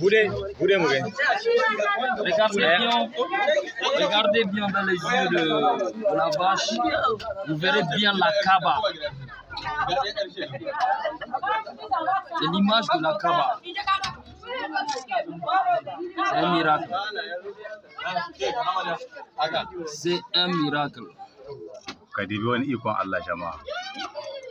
Boudé, Boudé mourir. Regardez bien, regardez bien dans les yeux de, la vache, vous verrez bien la Kaba. C'est l'image de la Kaba. C'est un miracle. C'est un miracle. Kadibi